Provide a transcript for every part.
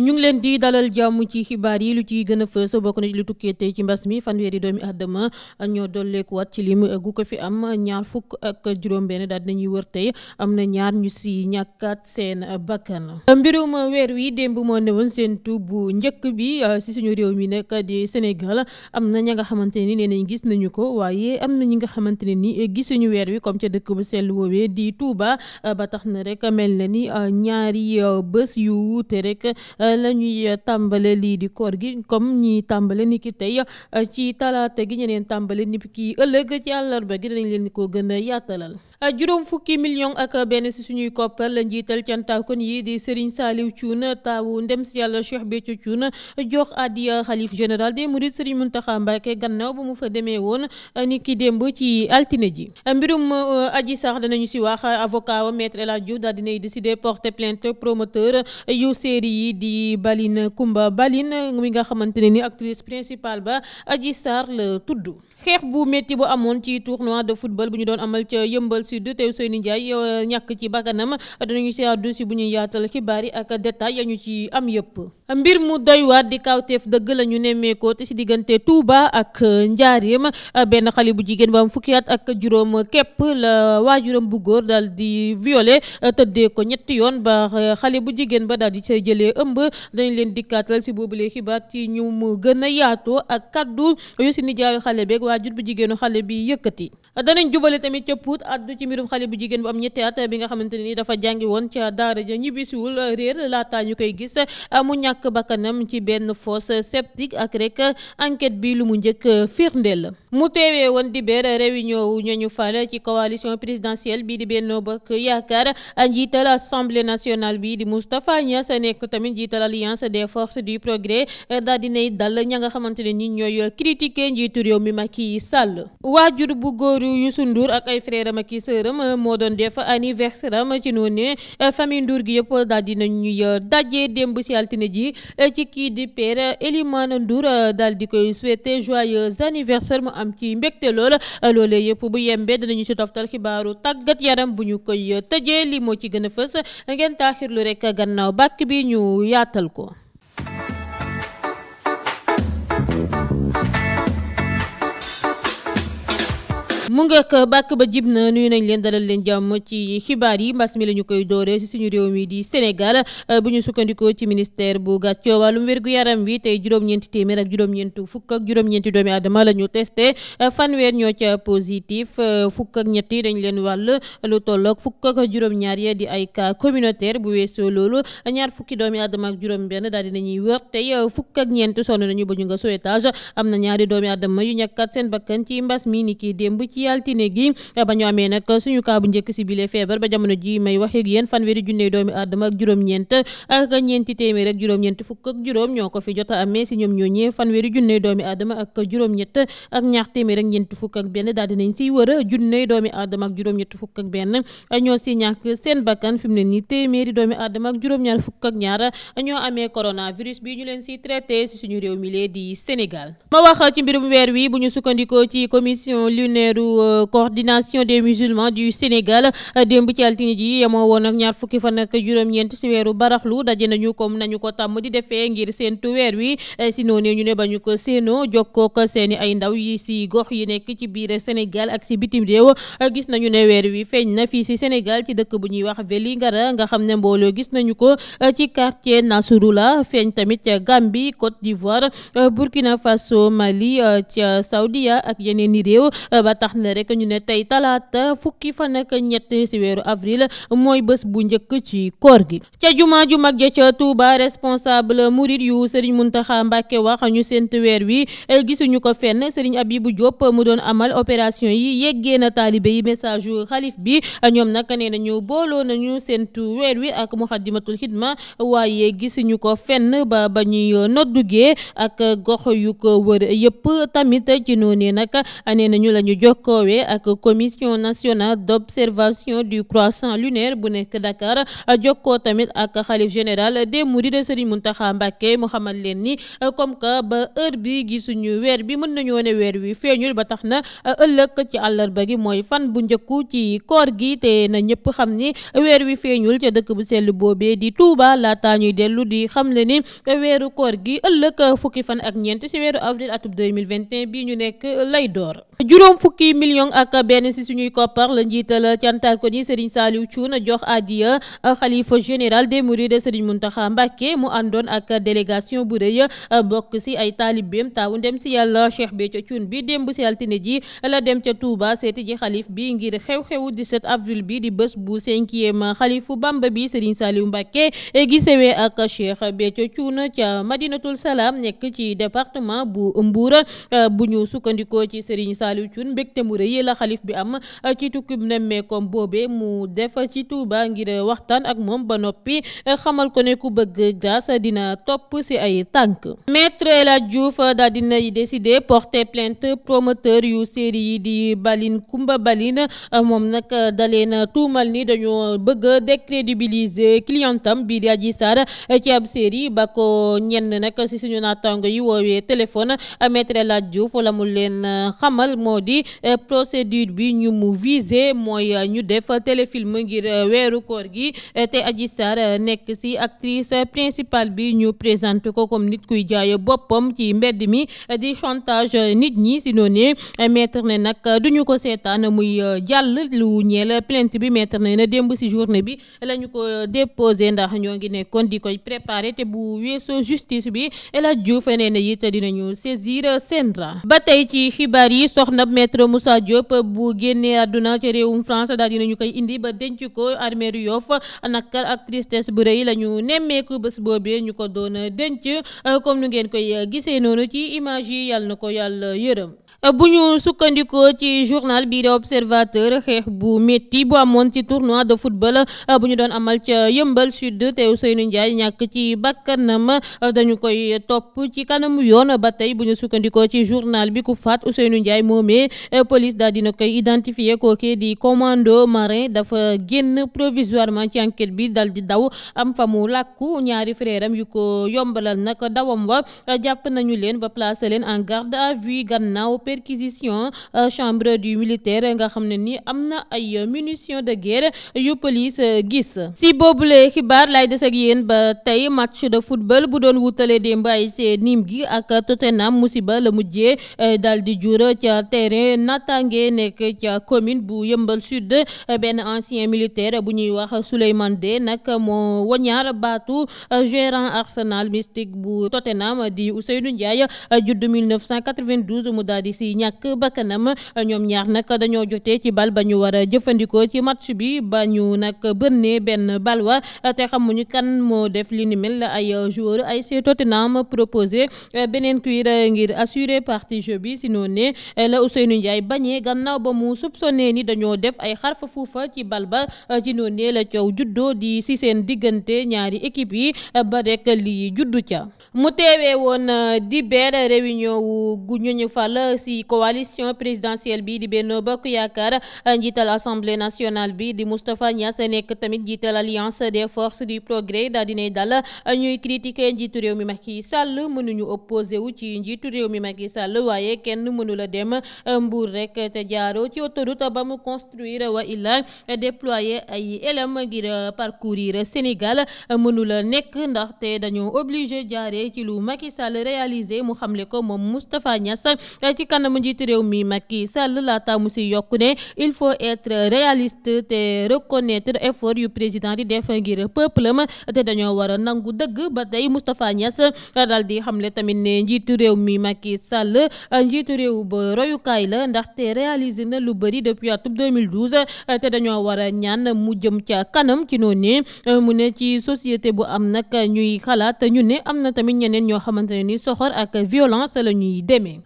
ñu ngi leen di dalal jàmm ci xibaar yi lu ci gën a fës bokk na ci lu tukkee tey ci mbas mi fanweeri doomi aadama ñoo dolleekuwaat ci lim gu ko fi am ñaar fukk ak juróom-benn daal dinañuy wër tey am na ñaar ñu si ñàkkaat seen bakkan. mbirum weer wi démb moo newoon seen tu bu njëkk bi uh, si suñu réew mi nag di Sénégal am na ña nga xamante ne nii nee nañ gis nañu ko waaye am na ñi nga xamante ne nii gisuñu weer wi comme ca dëkk bu sell woowee di Touba uh, ba tax na rek mel na ni uh, ñaari bés yu wuute rek. Euh, la ñuy euh, tàmbale lii di koor gi comme ñiy tàmbale ni ki tey euh, ci talaata gi ñeneen tàmbale ni ki ëllëg ci àllarba gi danañ leen ko gën a yaatalal. juróom fukki million ak benn si suñuy koppar la njiital cantaakon yi di Serigne Saliou Thioune taawu ndem si yàlla Cheikh Béthio Thioune jox àddiya xalif général des mourides Serigne Mountakha Mbacké gannaaw ba mu fa demee woon ni ki démb ci altine ji mbirum aji sax danañu si wax avocat wa maître El a Diouf daal dinay décider di Baline Kumba Baline mi nga xamante ne ni actrice principale ba Adji Sarr la tudd. xeex bu métti bu amoon ci tournoi de football bu ñu doon amal ca yëmbal sud te Ousseynou Ndiaye euh, ñàkk ci bakkanam danañu si àddu si bu ñuy yaatal xibaar yi ak détail ya ñu ci am yëpp. mbir mu doy waat di kawteef dëgg la ñu nemmeekoo te si diggante Touba ak euh, Njaareem benn xale bu jigéen bu am fukki at ak juróom képp la waajuram bu góor daal di violé tëddee ko ñetti yoon ba euh, xale bu jigéen ba daal di say jëlee ëmb dañ leen dikkaatal si boobule xibaar ci ñu mu gën a yaatoo ak kaddu waajur bu jigéenu xale bi yëkkati danañ jubale tamit ca Pout addu ci mbirum xale bu jigéen bu am ñetti at bi nga xamante ni dafa jàngi woon ca daara ñu koy mu ñàkk bakkanam ci benn mu njëkk firndeel di beer réunion wu ñooñu fal ci coalition présidentielle bii di Benno Bokk Yaakaar njiital assemblée nationale bi di Moustapha Niass nekk tamit njiital alliance des forces du progrès daal dinay dal ña nga xamante ne ni ñooy critiquer njiitu réew mi Macky Macky Sall waajur bu góor su Ndour ak ay frère am ak euh, moo doon def anniversaire am ci noonu ne euh, famille Ndour gi yëpp daal di nañuy euh, démb si altine ji ci kii di père Elimane Ndour daal di koy souhaiter joyeux anniversaire mu am ci mbégte lool loolee yëpp bu yembe dinañu si toftal xibaaru tàggat yaram bu ñu koy tëjee li moo ci gën fës ngeen taaxirlu rek gannaaw bàkk bi ñu yaatal ko. mu ngak bàkk ba jib na nuyu nañ leen dalal leen jàmm ci xibaar yi mbas mi la koy dooree si suñu réew mi di Sénégal bu ñu sukkandikoo ci ministère bu gàccoo wàllum wér-gu-yaram wii tey juróom-ñeenti téeméer ak juróom-ñeenti fukk ak juróom-ñeenti doomi aadama la ñu testé fanweer ñoo ca positif fukk ak ñetti dañ leen wàll lu tolloog fukk juróom-ñaar ya di ay cas communautaire bu weesoo loolu ñaar fukki doomi aadama ak juróom-benn daal dinañuy wër tey fukk ak ñeent sonn nañu ba ñu nga so étage am na ñaari doomi aadama yu ñàkkaat seen bakkan ci altine gi ba ñu amee nag suñu kaa bu njëkk si bile feebar ba jamono ji may wax ak yéen fanweeri junne doomi aadama ak juróom-ñeent ak ñeenti téeméer ak juróom fukk ak juróom ñoo ko fi jot a amee si ñoom ñoo ñee fanweeri junne doomi aadama ak juróom-ñett ak ñaar téeméer ak ñeent fukk ak benn daal dinañ a juróom-ñett fukk si ñàkk seen bakkan fi ne nii téeméeri doomi aadama ak juróom-ñaar fukk ak ñaar ñoo amee coronavirus bi ñu leen si traité si suñu réew mi lee di Sénégal ma wax ci mbirum weer wi bu ñu sukkandikoo ci commission lunaire Euh, coordination des musulmans du Sénégal euh, démb ci altine ji yemoo woon ak ñaar fukki fan ak juróom-ñeent si weeru baraxlu daje nañu comme nañu ko tàmm di defee ngir séentu weer wi euh, si noonee ñu ne ba ñu ko séenoo jokkook seeni ay ndaw yi si gox yi nekk ci biir Sénégal ak si bitim réew gis nañu ne weer wi feeñ na fii si Sénégal ci dëkk bu ñuy wax Vélingara nga xam ne mbooloo gis nañu ko ci quartier Nasrullah feeñ tamit ca Gambie Côte d'Ivoire Burkina Faso Mali ca Saudiya ak fàttali ñu ne tey talaata fukki fan ak ñett ci weeru avril mooy bés bu njëkk ci koor gi ca jumaa ju mag ja ca Touba responsable murid yu Serigne Mountakha Mbacké wax ñu sent weer wi gisuñu ko fenn yi bu Diop mu doon amal opération yi yeggee na taalibe yi message yu xalif bi ñoom nag nee nañu booloo nañu sentu weer wi ak Muxaddamatul Xidma waaye gisuñu ko fenn ba ba ñuy noddugee ak gox yu ko wër yëpp tamit ci noonee nag nee nañu la koowee ak commission nationale d' observation du croissant lunaire bu nekk Dakar jokkoo tamit ak xalif général di mourides Serigne Mountakha Mbacké mu xamal leen ni comme que ba heure bi gisuñu weer bi mën nañoo ne weer wi feeñul ba tax na ëllëg ci àllarba gi mooy fan bu njëkku ci koor gi te na ñëpp xam ni weer wi feeñul ca dëkk bu sell boobee di Touba laataa ñuy dellu di xam le ni weeru koor gi ëllëg fukki fan ak ñeent ci weeru avril atum 2021 bii ñu nekk lay door juróom fukki million ak benn si suñuy koppar la njiital cantaakon yi Serigne Saliou jox adiya xalifa général des mourides Serigne Mountakha Mbacké mu àndoon ak délégation bu rëy bokk si ay taalibeem taawu ndem si yàlla Cheikh Béthio Thioune bi démb si altine ji la dem ca Touba seeti ji xalif bi ngir xew xew 17 avril bi di bés bu cinquième xalifu Bamba bi Serigne Saliou Mbacké gisewee ak Cheikh Béthio Thioune ca Madinatul Salaam nekk ci département bu Mbour bu ñu Saliou Thioune mbégte mu rëy la xalif bi am uh, ci tukki bu nemmeekoom boobee mu def ci Touba ngir uh, waxtaan ak moom ba noppi uh, xamal ko ne ku bëgg grâce dina topp si ay tànk maître El Hadj Diouf daa dinay décidé porter plainte promoteur yu série yi di Baline Kumba Baline moom nag daleen tuumal ni dañoo bëgg décrédibiliser clientam bii di Adji Sarr ci ab série ba ko ñenn nag si suñu naataango yi woowee téléphone maître El Hadj Diouf mu leen xamal moo di eh, procédure bi ñu mu visé mooy eh, ñu def téléfilm ngir eh, weeru koor gi te Adji Sarr nekk ci actrice principale bi ñu présenté ko comme nit kuy jaay boppam ci mbedd mi di chantage nit ñi si noonu maître ne nag duñu ko seetaan muy jàll lu ñeel plainte bi maître ne na démb si journée bi lañu ko déposé ndax ñoo ngi nekkoon di koy préparé te bu weesoo justice bi la Hadj Diouf nee na it dinañu saisir Sendra ba tey ci xibaar yi soxna maître Moussa Diop bu génnee àdduna ci réewum France daal dinañu koy indi ba denc ko armeeru Yoff nakar ak tristesse bu rëy la nemmeeku bés boobee ñu ko doon denc comme nu ngeen koy gisee noonu ci image yi yàlla na ko yàlla yërëm Euh, bu ñu sukkandikoo ci journal bii di observateur xeex bu métti bu amoon ci tournoi de football euh, bu ñu doon amal ca yëmbal sud te Ousseynou Ndiaye ñàkk ci bakkanam euh, dañu koy topp ci kanamu yoon ba tey bu ñu sukkandikoo ci journal bi ku faat Ousseynou Ndiaye moomee police daal dina koy identifier kookee di commando marin dafa génn provisoirement ci enquête bi dal di daw am fa mu làkku ñaari frère am yu ko yombalal nag dawam wa jàpp nañu leen ba placer leen en garde à vue gannaaw perquisition euh, chambre du militaire nga xam ne ni am na ay munitions de guerre yu police euh, gis si boobule xibaar lay des ak yéen ba tey match de football bu doon wutale démb ASC Nîmes gi ak Tottenham musiba la mujjee euh, daal di jur ca terrain natange nekk ca commune bu Yëmbal Sud benn ancien militaire bu ñuy wax Souleymane Dé nag moo wañaar baatu gérant Arsenal mystique bu Tottenham di Ousseynou Ndiaye judd 1992 mu daal yi si ñàkk bakkanam ñoom ñaar nag dañoo jotee ci bal ba ñu war a jëfandikoo ci match bi ba ñu nag bënnee benn bal wa te xamuñu kan moo def li ni mel ay joueur ay si Tottenham proposé beneen cuir ngir assurer partie jeu bi si noonu ne la Ousseynou njaay bañee gannaaw ba mu soupçonné ni dañoo def ay xarfa fuufa ci bal ba ci noonu ne la coow juddoo di si seen diggante ñaari équipe yi ba rek lii juddu ca mu teewee woon di benn réunion gu ñu fal si coalition présidentielle bi di Benno Bokk Yaakaar njiital assemblée nationale bi di Moustapha Niass nekk tamit njiital alliance des forces du progrès daa dinay dal ñuy critiquer njiitu réew mi Macky Sall mënuñu opposé wu ci njiitu réew mi Macky Sall waaye kenn mënula dem Mbour rek te jaaroo ci autoroute ba mu construire wa illa déployer ay élam ngir parcourir Sénégal mënula nekk ndaxte dañoo obligé jaare ci lu Macky Sall réalisé mu xamle ko kanamu njiitu réew mi Macky Sall laata mu si yokku ne il faut être réaliste te reconnaître effort yu président di def ngir peuple am te dañoo war a nangu dëgg ba tey Moustapha Niass daal di xamle tamit ne njiitu réew mi Macky Sall njiitu réew ba royukaay la ndaxte réaliser na lu bëri depuis atub 2012 te dañoo war a ñaan mu jëm ca kanam ci noonu ne mu ne ci société bu am nag ñuy xalaat ñu ne am na tamit ñeneen ñoo xamante ne ni soxor ak violence la ñuy demee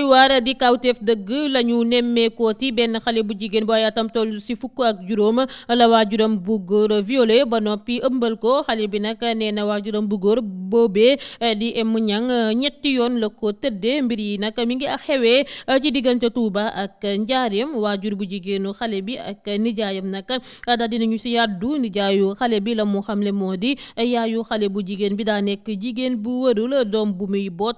doy waar di kawteef dëgg lañu ñu nemmeekooti benn xale bu jigéen bu ay atam toll si fukk ak juróom la waajuram bu góor violé ba noppi ëmbal ko xale bi nag nee na waajuram bu góor boobee eh, di em ñang eh, ñetti yoon la ko tëddee mbir yi nag mi ngi ak xewee eh, ci diggante tuuba ak Njaareem waajur bu jigéenu xale bi ak nijaayam nag daal dinañu si yàddu nijaayu xale bi la mu xamle moo di yaayu xale bu jigéen bi daa nekk jigéen bu wërul doom bu muy boot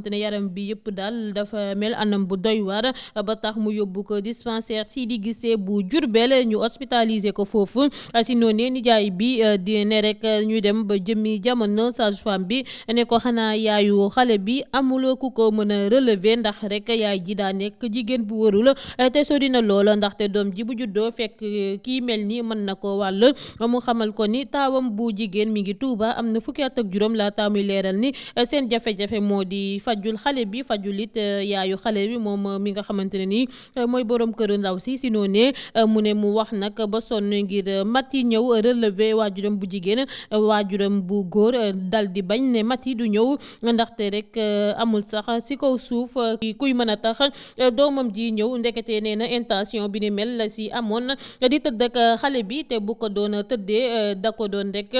xamante ne yaram bi yëpp daal dafa mel anam bu doy war ba tax mu yóbbu ko dispensaire di Guissé bu Diourbel ñu hospitalisé ko foofu si noonee nijaay bi euh, di ne rek euh, ñu dem ba jëmmi jamono sage-femme bi ne ko xanaa yaayu xale bi amuloo ku ko mën a relever ndax rek yaay ji daa nekk jigéen bu wërul euh, te sori na loola ndaxte doom ji bu juddoo fekk kii mel ni mën na ko wàll mu xamal ko ni taawam bu jigéen mi ngi Tuuba am na fukki at ak juróom laa taamuy fajul xale bi fajulit eh, yaayu xale bi moom eh, mi nga xamante ne nii eh, mooy boroom kër ndaw si si noo ne mu ne mu wax nag ba sonn ngir Mati ñëw relever waajuram bu jigéen waajuram bu góor dal di bañ ne Mati du ñëw ndaxte rek amul sax si ko suuf kuy mën a tax doomam ji ñëw ndekete nee na intention bi ni mel la si amoon di tëdd ak xale bi te bu ko doon tëddee da ko doon rek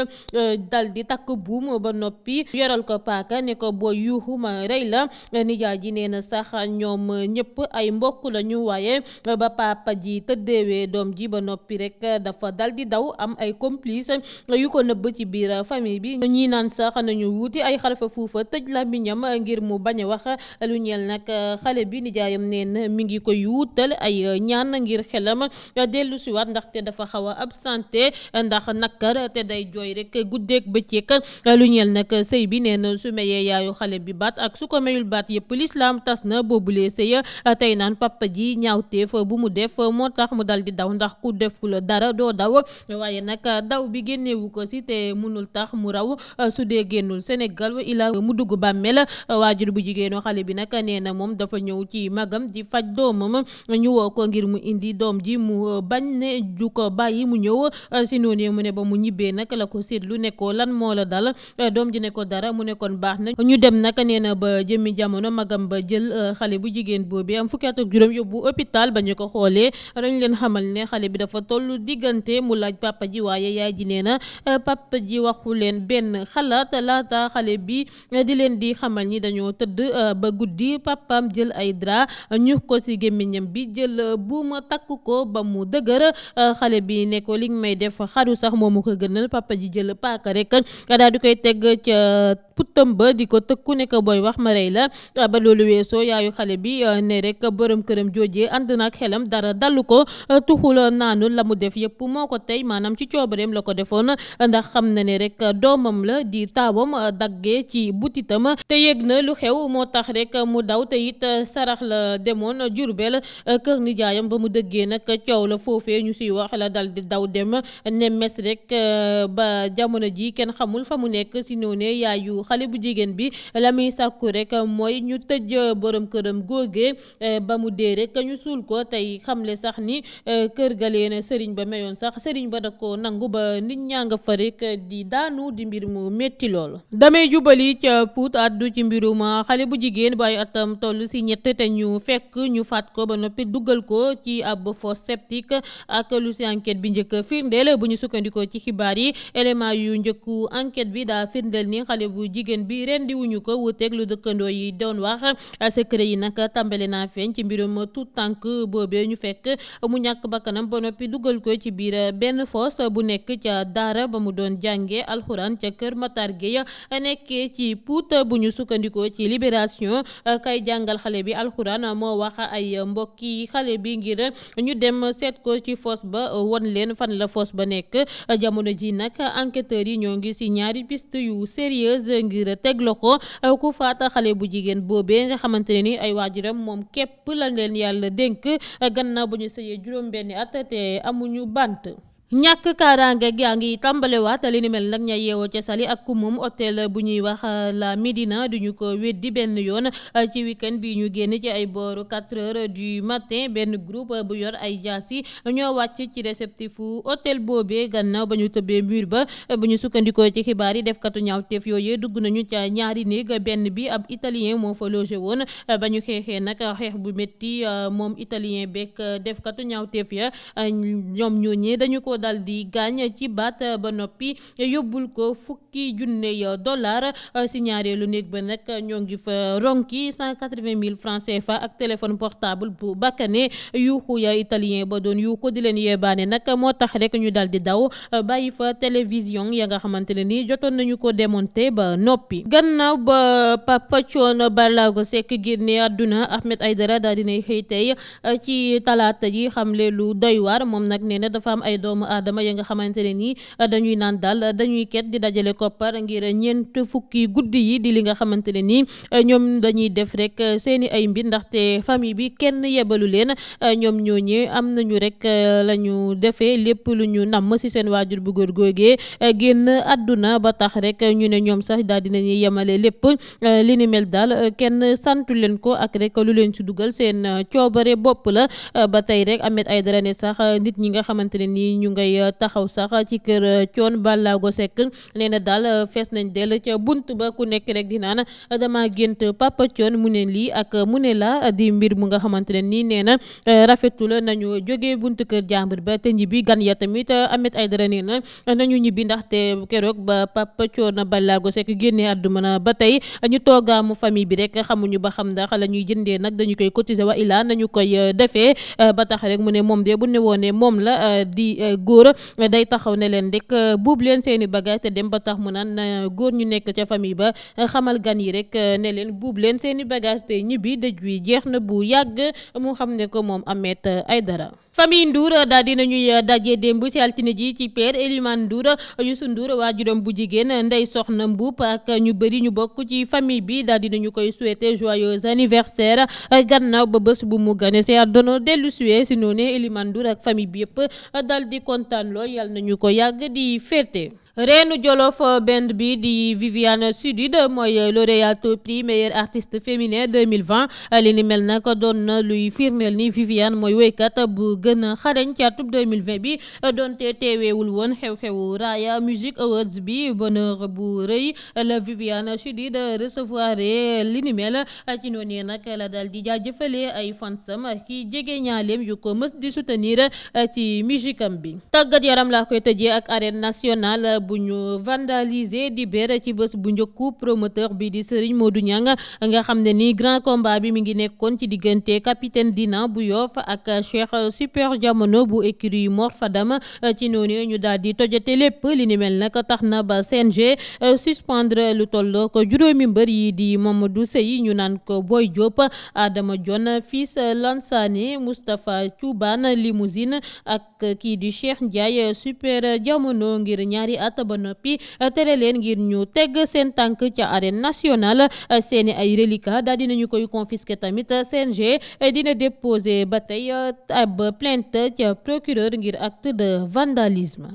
dal di takk buum ba noppi yoral ko paaka ne ko boo yuuxu ma doy la eh, nijaay ji nee na sax ñoom eh, ñëpp ay mbokk lañu waaye eh, ba papa ji tëddeewee doom ji ba noppi rek dafa dal di daw am ay complice yu ko nëbb ci biir famille bi ñi naan sax nañu wuuti ay xalfa fuufa tëj la ngir mu bañ a wax lu ñeel nag xale bi nijaayam neen mu ngi koy wuutal ay ñaan ngir xelam dellu siwaat ndaxte dafa xaw a absenté ndax nakkar te day jooy rek guddeeg bëccëg lu ñeel nag sëy bi neen su meyee yaayu xale bi baat ak su ko mayul baat yëpp lislaam tas na boobulee sëya tey naan papa ji ñaawteef bu mu def moo tax mu dal di daw ndax ku deful dara doo daw waaye nag daw bi génnewu ko si te mënul tax mu raw su dee génnul Sénégal ila mu dugg bàmmee la waajur bu jigéenu xale bi nag nee na moom dafa ñëw ci magam di faj doomam ñu woo ko ngir mu indi doom ji mu bañ ne ju ko bàyyi mu ñëw si noonu mu ne ba mu ñibbee nag la ko seetlu ne ko lan moo la dal doom ji ne jëmmi jamono magam ba jël euh, xale bu jigéen boobu am fukki at ak juróom yóbbu hôpital ba ñu ko xoolee dañ leen xamal ne xale bi dafa toll diggante mu laaj papa ji waaye yaay ji nee na euh, pappa ji waxu leen benn xalaat laata xale bi euh, di leen di xamal ni dañoo tëdd ba guddi pappam jël ay dra ñu ko ci gémmiñam bi jël buuma takk ko ba mu dëgër xale bi nekkoo ko li nga may def xaru sax moomu ko gënal papa ji jël paaka rek daal di koy teg ca puttam ba di ko tëkku ne ko booy wax rëy la ah, ba loolu weesoo yaayu xale bi ah, ne rek borom këram joojee ànd na ak xelam dara dalu ko ah, tuxul naanul la mu def yëpp moo ko tey maanaam ci coobareem la ko defoon ndax xam na ne rek doomam la di taawam daggee ci butitam te yëg na lu xew moo tax rek mu daw te it sarax la demoon Jurbel kër nijaayam ba mu dëggee nag coow la foofe ñu si wax la dal di daw dem ne mes rek ba jamono ji kenn xamul fa mu nekk si noonee yaayu xale bu jigéen bi la muy rek mooy ñu tëj euh, borom këram góogee euh, ba mu dee rek ñu suul ko tey xamle sax ni euh, kër ga leen sëriñ ba mayoon sax sëriñ ba da ko nangu ba nit ñaa nga fa rek di daanu di mbir mu métti loolu damay jubali ca Pout addu ci mbirum xale bu jigéen bàyyi atam toll si ñett te ñu fekk ñu faat ko ba noppi duggal ko ci ab fosse septique ak si enquête bi njëkk firndeel bu ñu sukkandikoo ci xibaar yi élément yu njëkku enquête bi daa firndeel ni xale bu jigéen bi rendi ko wuteeg lu dëkk dëkkandoo yi doon wax secret yi nag tàmbali naa feeñ ci mbirum tout tànk boobee ñu fekk mu ñàkk bakkanam ba noppi dugal ko ci biir benn foos bu nekk ca daara ba mu doon jàngee alxuraan ca kër Matar Gueye nekkee ci puut bu ñu sukkandikoo ci libération kay jàngal xale bi alxuraan moo wax ay mbokki xale bi ngir ñu dem seet ko ci foos ba won leen fan la foos ba nekk jamono ji nag enquêteurs yi ñoo ngi si ñaari piste yu sérieuse ngir teg loxo xale bu jigéen boobee nga xamante ni ay waajuram moom képp la leen yàlla dénk gannaaw ba ñu sëyee juróom-benni at amuñu bant. ñàkk kaaraange gaa ngi tàmbalewaat li ni mel nag ña yeewoo ca Saly ak kumum hôtel bu ñuy wax euh, la Médina duñu ko weddi benn yoon euh, ci week-end bi ñu génn ci ay booru 4 heures du matin benn groupe bu yor ay jaasi ñoo wàcc ci réceptifu hôtel boobee gannaaw ba ñu tëbee mur ba euh, bu ñu sukkandikoo ci xibaar yi defkatu ñaawteef yooyee dugg nañu ca ñaari néeg benn bi ab italien moo fa logé woon ba ñu xeexee nag xeex bu métti moom italien beeg defkatu ñaawteef ya dal di gaañ ci baat eh, ba noppi yóbbul ko fukki junne yo dollar eh, si ñaareelu néeg ba nag ñoo ngi fa ronki cent quatre-vingt mille francs CFA ak téléphone portable bu bakkane yuuxu ya italien ba doon yuuxu di leen yeebaane nag moo tax rek ñu dal di daw eh, bàyyi fa télévision ya nga xamante ne nii jotoon nañu ko démonter ba noppi gannaaw ba Papa Thione Ballago Seck génne àdduna Ahmed Aïdara daal dinay xëy tey ci talaata ji xamle lu doy waar moom nag nee dafa am ay doomu aadama ya nga xamante ne nii uh, dañuy naan daal uh, dañuy ket di dajale koppar ngir ñeent fukki guddi yi di li nga xamante ne nii uh, ñoom dañuy def rek seeni ay mbir ndaxte famille bi kenn yebalu leen ñoom ñooñee am nañu rek la ñu defee lépp lu ñu namm ci seen waajur bu góor googee génn àdduna ba tax rek ñu ne ñoom sax daal dinañuy yemale lépp li ni mel daal kenn santu leen ko ak rek lu leen ci dugal seen coobare bopp la ba tey rek Ahmed Aidara ne sax nit ñi nga ngay euh, taxaw sax ci kër euh, Thione Ballago Seck nee na daal euh, fees nañ dell ca bunt ba ku nekk rek di naan dama gént Papa Thione mu ne lii ak mu ne la di mbir mu nga xamante ne nii nee na rafetul nañu jógee bunt kër jàmbur ba te ñibbi gan ya tamit Ahmed Aïdara nee na nañu ñibbi ndaxte keroog ba Papa Thione Ballago Seck génnee àdduna ba tey ñu toogaamu famille bi rek xamuñu ba xam ndax la ñuy jëndee nag dañu koy cotiser wa ilaa nañu koy defee ba tax rek mu ne moom de bu ne woone moom la góor day taxaw ne leen rek euh, buub leen seen i bagage te dem ba tax mu naan euh, góor ñu nekk ca famille ba euh, xamal gan yi rek ne leen buub leen seeni i bagage te ñibbi dëj wi jeex na bu yàgg moo xam ne ko moom Ahmed Aidara famille Ndour daal dinañuy daje démb ci altine ji ci père Elimane Ndour Youssou waa waajuram bu jigéen Ndeye Soxna Mbuup ak ñu bëri ñu bokk ci famille bi daal dinañu koy souhaiter joyeux anniversaire gannaaw ba bés bu mu gane si àdduna dellu suwe si noonu kontaan lool yàlla nañu ko yàgg di féete. reenu jolof band bi di Viviane Sudid mooy lauréate prix meilleur artiste féminin 2020 li ni mel nag doon na luy firndeel ni Viviane mooy woykat bu gën a xarañ ci atub bi donte teeweewul woon xew-xewu Raaya Music Awards bi bonheur bu rëy la Viviane Sudid recevoir li ni mel la daal di jaajëfale ay fansam ki jege ñaaleem yu ko mës di soutenir ci musique am bi tàggat yaram laa koy tëjee ak arène nationale. bu ñu vandaliser di béer ci bés bu njëkku promoteur bi di Serigne Modou Niang nga xam ne ni grand combat bi mi ngi nekkoon ci diggante capitaine Dina bu Yoff ak Cheikh Super Jamono bu écurie Mor Fadam ci noonu ñu daal di tojate lépp li ni mel nag tax na ba CNG euh, suspendre lu tolloo ko juróomi mbër yi di Mamadou Sey ñu naan ko Boy Diop Adama Dione Fils Lansane Moustapha Thioubane Limousine ak kii di Cheikh Ndiaye Super Jamono ngir ñaari xalaat ba noppi euh, tere leen ngir ñu teg seen tànk ca arène nationale euh, seeni ay reliquats daal dinañu koy confisquer tamit euh, CNG dina déposé ba tey ab plainte ca procureur ngir acte de vandalisme